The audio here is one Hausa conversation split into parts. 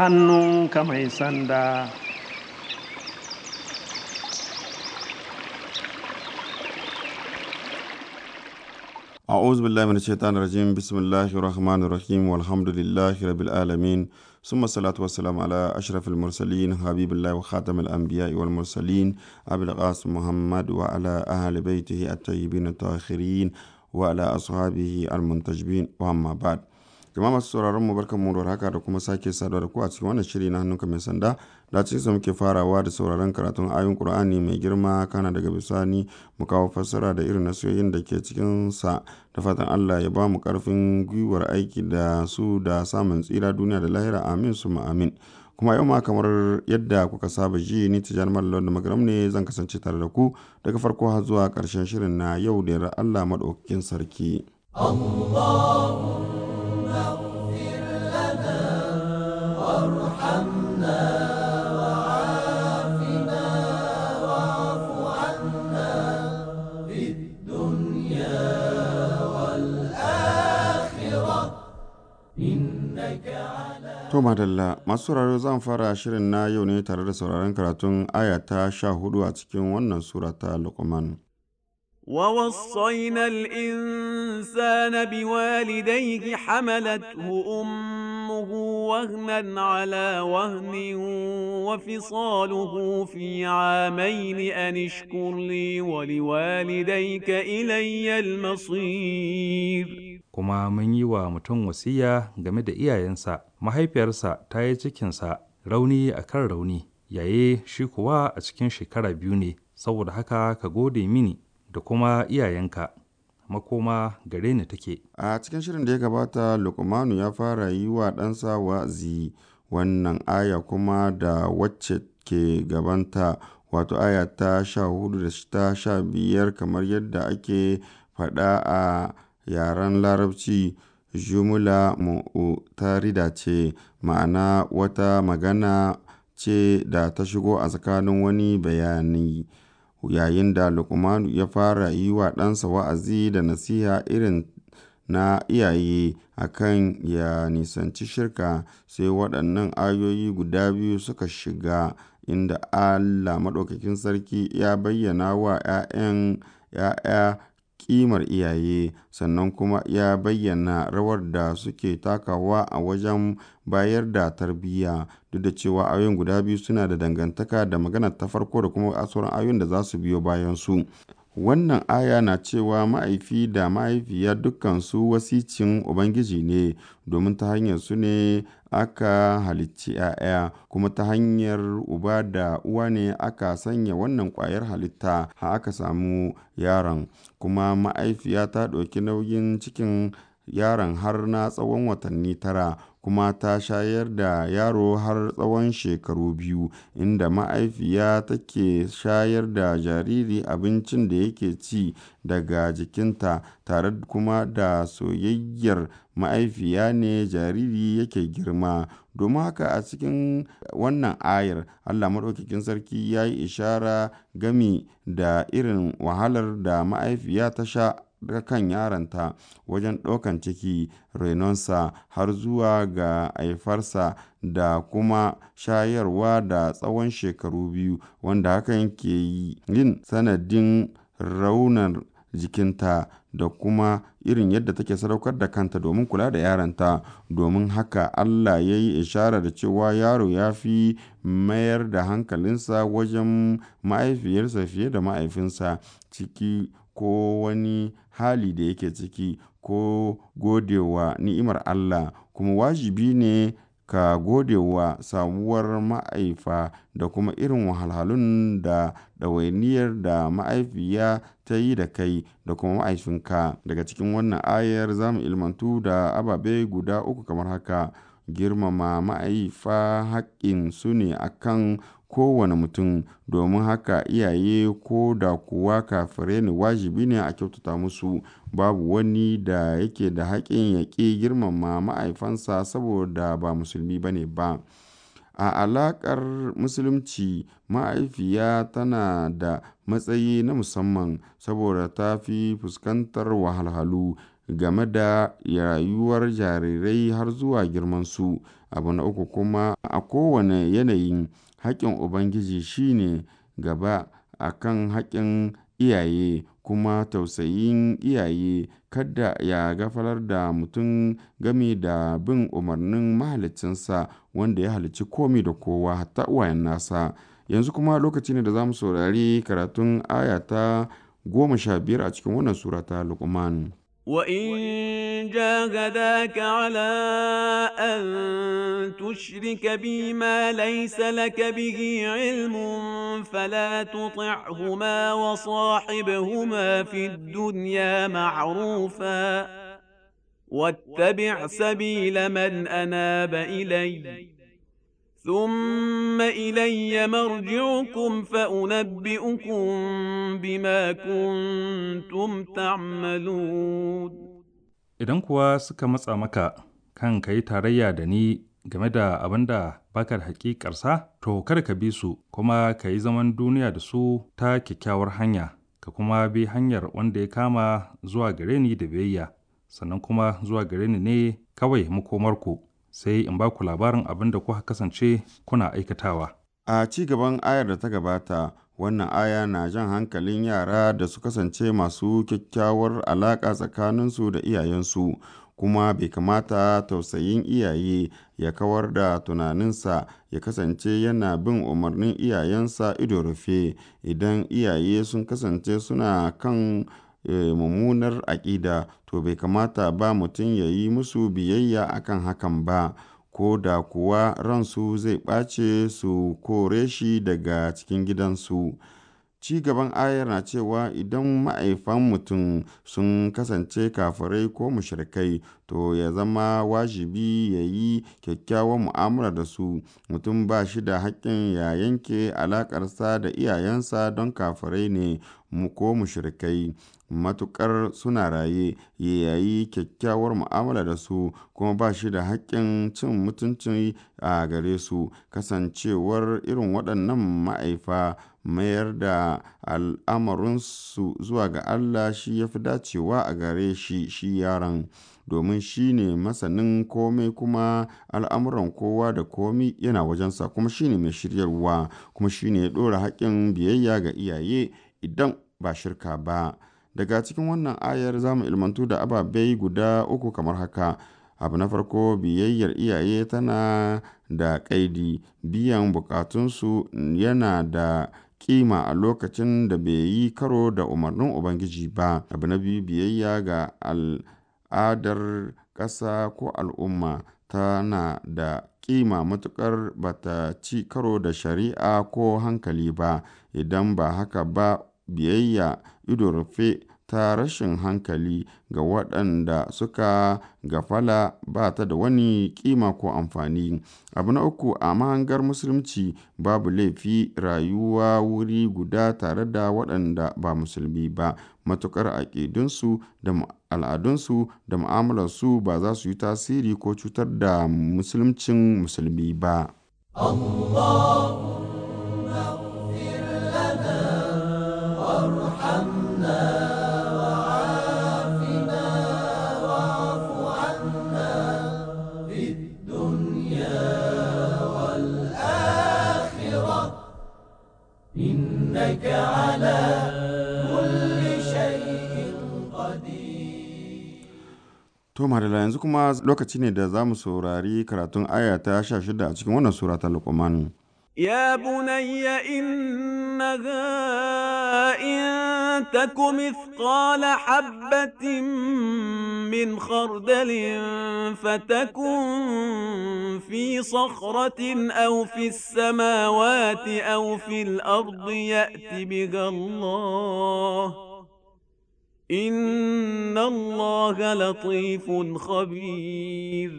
ka mai sanda أعوذ بالله من الشيطان الرجيم بسم الله الرحمن الرحيم والحمد لله رب العالمين ثم الصلاة والسلام على أشرف المرسلين حبيب الله وخاتم الأنبياء والمرسلين أبي القاسم محمد وعلى أهل بيته الطيبين الطاهرين وعلى أصحابه المنتجبين وأما بعد jama masu sauraron mu barkan mu da haka da kuma sake saduwa da ku a cikin wannan shiri na hannunka mai sanda da cikin sa muke farawa da sauraron karatun ayoyin Qur'ani mai girma kana daga bisani mu kawo fassara da irin nasiyoyin da ke cikin sa da fatan Allah ya ba mu karfin gwiwar aiki da su da samun tsira duniya da lahira amin su ma amin kuma yau ma kamar yadda kuka saba ji ni tijan mallon da magaram ne zan kasance tare da ku daga farko har zuwa karshen shirin na yau da Allah madaukakin sarki To madalla masu sauraro zan fara shirin na yau ne tare da sauraron karatun aya sha hudu a cikin wannan sura ta Luqman. ووصينا الإنسان بوالديه حملته أمه وهنا على وهن وفصاله في عامين أن اشكر لي ولوالديك إلي المصير kuma mun yi wa mutum wasiya game da iyayensa mahaifiyarsa ta yi cikinsa rauni a kan rauni yaye shi kuwa a cikin shekara biyu ne saboda haka ka gode mini da kuma iyayenka makoma gare ni take. A cikin shirin da ya gabata Lukmanu ya fara yi wa ɗansa wazi wannan aya kuma da wacce ke gabanta wato aya ta sha hudu da ta sha biyar kamar yadda ake faɗa a yaren larabci jumula mu tarida ce ma'ana wata magana ce da ta shigo a tsakanin wani bayani. yayin da Lukmanu ya fara yi wa ɗansa wa'azi da nasiha irin na iyaye a kan ya nisanci shirka, sai waɗannan ayoyi guda biyu suka shiga, inda Allah Maɗaukakin Sarki ya bayyana wa ’ya'yan ’ya'ya ƙimar iyaye, sannan kuma ya bayyana rawar da suke takawa a wajen bayar da tarbiyya. Duk da cewa ayoyin guda biyu suna da dangantaka da magana ta farko da kuma sauran ayoyin da za su biyo su. Wannan aya na cewa ma'aifi da mahaifiya dukkansu wasicin Ubangiji ne, domin ta hanyar su ne aka halicci ’ya'ya, kuma ta hanyar uba da uwa ne aka sanya wannan kwayar halitta ha aka samu yaron, kuma ma'aifiya ta ɗauki nauyin cikin yaron har na tsawon watanni tara kuma ta shayar da yaro har tsawon shekaru biyu, inda ma'aifiya take shayar da jariri abincin da yake ci daga jikinta, tare kuma da soyayyar ma'aifiya ne jariri yake girma. Domin haka a cikin wannan ayar, Allah Maɗaukakin Sarki ya yi ishara gami da irin wahalar da ma'aifiya ta sha. kan yaranta wajen ɗaukan ciki, renonsa, har zuwa ga haifarsa da kuma shayarwa da tsawon shekaru biyu, wanda hakan ke yin sanadin raunar jikinta da kuma irin yadda take sadaukar da kanta domin kula da yaranta Domin haka Allah ya yi ishara da cewa yaro ya fi mayar da hankalinsa wajen mahaifiyarsa fiye da mahaifinsa, ciki ko wani hali da yake ciki ko godewa ni'imar Allah, kuma wajibi ne ka godewa samuwar ma'aifa da kuma irin wahalhalun da ɗawainiyar da mahaifiya ta yi da kai da kuma ma'aifinka Daga cikin wannan ayar za mu ilmantu da ababe guda uku kamar haka. Girmama ma'aifa su ne akan. kowane mutum. Domin haka iyaye ko da kuwa kafire ne wajibi ne a kyautata musu. Babu wani da yake da haƙin ya ƙi girmama ma'aifansa saboda ba musulmi bane ba. A alaƙar Musulunci, mahaifiya tana da matsayi na musamman saboda ta fi fuskantar wahalhalu game da rayuwar jarirai har zuwa girmansu. Abu na uku kuma, a kowane yanayi, haƙƙin Ubangiji shi ne gaba a kan haƙƙin iyaye, kuma tausayin iyaye kadda ya gafalar da mutum gami da bin umarnin Mahaliccinsa wanda ya halici komi da kowa hatta uwayen nasa. Yanzu kuma lokaci ne da za mu saurari karatun aya ta goma sha biyar a cikin wannan surata lukman. وإن جاهداك على أن تشرك بي ما ليس لك به علم فلا تطعهما وصاحبهما في الدنيا معروفا واتبع سبيل من أناب إليّ ثم إلي مرجعكم فأنبئكم بما كنتم تعملون idan kuwa suka matsa maka kan ka yi tarayya da ni game da abin da baka da hakikarsa to kar ka bi su kuma ka yi zaman duniya da su ta kyakkyawar hanya ka kuma bi hanyar wanda ya kama zuwa gare ni da biyayya sannan kuma zuwa gare ni ne kawai makomarku sai in ba ku labarin abin da kuka kasance kuna aikatawa. A ci gaban ayar da ta gabata, wannan aya na jan hankalin yara da su kasance masu kyakkyawar alaƙa tsakaninsu da iyayensu, kuma bai kamata tausayin iyaye ya kawar da tunaninsa ya kasance yana bin umarnin iyayensa ido rufe idan iyaye sun kasance suna kan Eh, mummunar aƙida, to bai kamata ba mutum ya yi musu biyayya akan hakan ba, ko da kuwa ransu zai ɓace su kore shi daga cikin gidansu. Ci gaban ayar na cewa idan ma'aifan mutum sun kasance kafirai ko mushrikai, to ya zama wajibi ya yi kyakkyawar mu'amala da su. Mutum ba shi da haƙƙin ya yanke alaƙarsa da iyayensa don kafirai ne ko mushrikai, matuƙar suna raye, ya yi kyakkyawar mu'amala da su, kuma ba shi da haƙƙin cin mutunci a gare su. Kasancewar irin waɗannan mahaifa mayar da al'amuransu zuwa ga Allah shi ya fi dacewa a gare shi, shi yaran domin shi ne masanin komai kuma al'amuran kowa da komi yana wajensa kuma shi ne mai shiryarwa kuma shi ne ya ɗora haƙƙin biyayya ga iyaye idan ba shirka ba. Daga cikin wannan ayar za mu ilmantu da ababai guda uku kamar haka. Abu na farko biyayyar iyaye tana da kaidi biyan bukatunsu yana da kima a lokacin da bai yi karo da umarnin Ubangiji ba. Abu na biyu, biyayya ga al'adar ƙasa ko al'umma tana da kima matuƙar ba ta ci karo da shari'a ko hankali ba. Idan ba haka ba, biyayya ido rufe ta rashin hankali ga waɗanda suka gafala ba ta da wani kima ko amfani. Abu na uku, a mahangar Musulunci, babu laifi rayuwa wuri guda tare da waɗanda ba Musulmi ba, matuƙar aƙidunsu da al'adunsu da mu'amalarsu ba za su yi tasiri ko cutar da Musuluncin Musulmi ba. Marila yanzu kuma lokaci ne da za mu saurari karatun aya ta shida a cikin wannan sura ta Luqman. يا بني إنها إن تك مثقال حبة من خردل فتكن في صخرة أو في السماوات أو في الأرض يأت بها الله inna allaha latifun khabir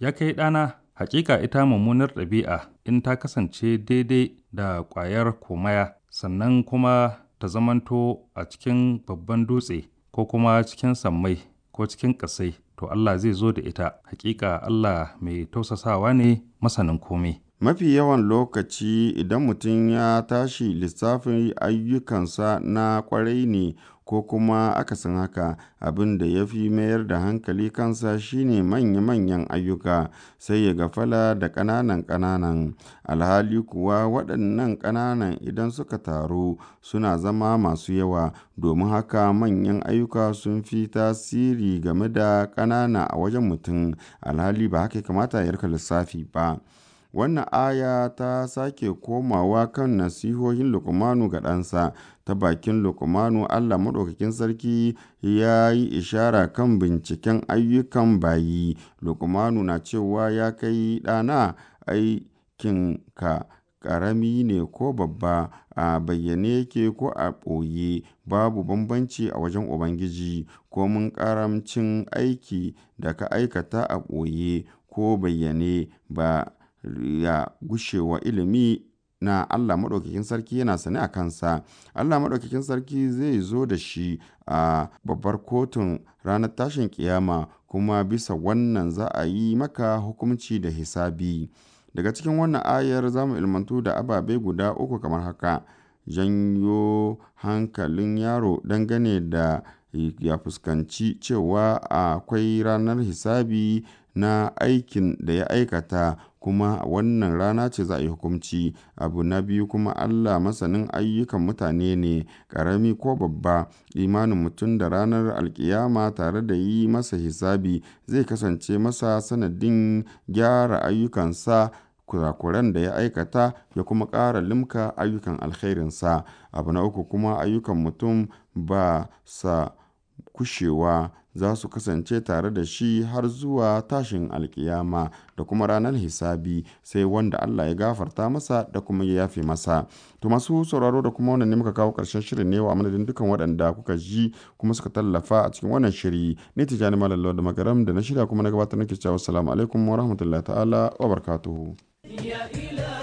ya kai ɗana hakika ita mummunar ɗabi'a in ta kasance daidai da ƙwayar komaya sannan kuma ta zamanto a cikin babban dutse ko kuma cikin sammai ko cikin ƙasai to Allah zai zo da ita hakika Allah mai tausasawa ne masanin komai Mafi yawan lokaci idan mutum ya tashi lissafin ayyukansa na kwarai ne ko kuma aka san haka, abin da ya fi mayar da hankali kansa shine manya-manyan ayyuka, sai ya gafala da ƙananan-ƙananan. Alhali kuwa waɗannan ƙananan idan suka taru, suna zama masu yawa. Domin haka manyan ayyuka sun fi tasiri game da ƙanana a wajen mutum, alhali ba haka ya kamata ya lissafi ba. Wannan aya ta sake komawa kan nasihohin Luqmanu ga ɗansa, ta bakin Luqmanu Allah Maɗaukakin Sarki ya yi ishara kan binciken ayyukan bayi, Luqmanu na cewa “Ya kai ɗana, ka ƙarami ne ko babba, a bayyane yake ko a ɓoye, babu bambanci a wajen Ubangiji, ko mun ƙaramcin aiki da ka aikata a ɓoye ko bayyane, ba ya gushewa ilimi na Allah Maɗaukakin Sarki yana sane a kansa, Allah Maɗaukakin Sarki zai zo da shi a babbar kotun ranar tashin kiyama kuma bisa wannan za a yi maka hukunci da hisabi. Daga cikin wannan ayar za mu ilmantu da ababe guda uku kamar haka, janyo hankalin yaro dangane da ya fuskanci cewa akwai ranar hisabi na aikin da ya aikata kuma wannan rana ce za a yi hukumci Abu na biyu kuma Allah masanin ayyukan mutane ne, ƙarami ko babba. Imanin mutum da ranar alkiyama tare da yi masa hisabi zai kasance masa sanadin gyara ayyukansa, kurakuran da ya aikata ya kuma ƙara limka ayyukan alkhairinsa. Abu na uku kuma ayyukan mutum ba sa kushewa za su kasance tare da shi har zuwa tashin alkiyama da kuma ranar hisabi sai wanda Allah ya gafarta masa da kuma ya yafe masa. To masu sauraro da kuma wannan ne muka kawo karshen shirin ne wa madadin dukan waɗanda kuka ji kuma suka tallafa a cikin wannan shiri. ne ta jani Malallo da Magaram da na shirya kuma na gabatar nake cewa salamu alaikum wa rahmatullahi ta'ala wa barakatuhu.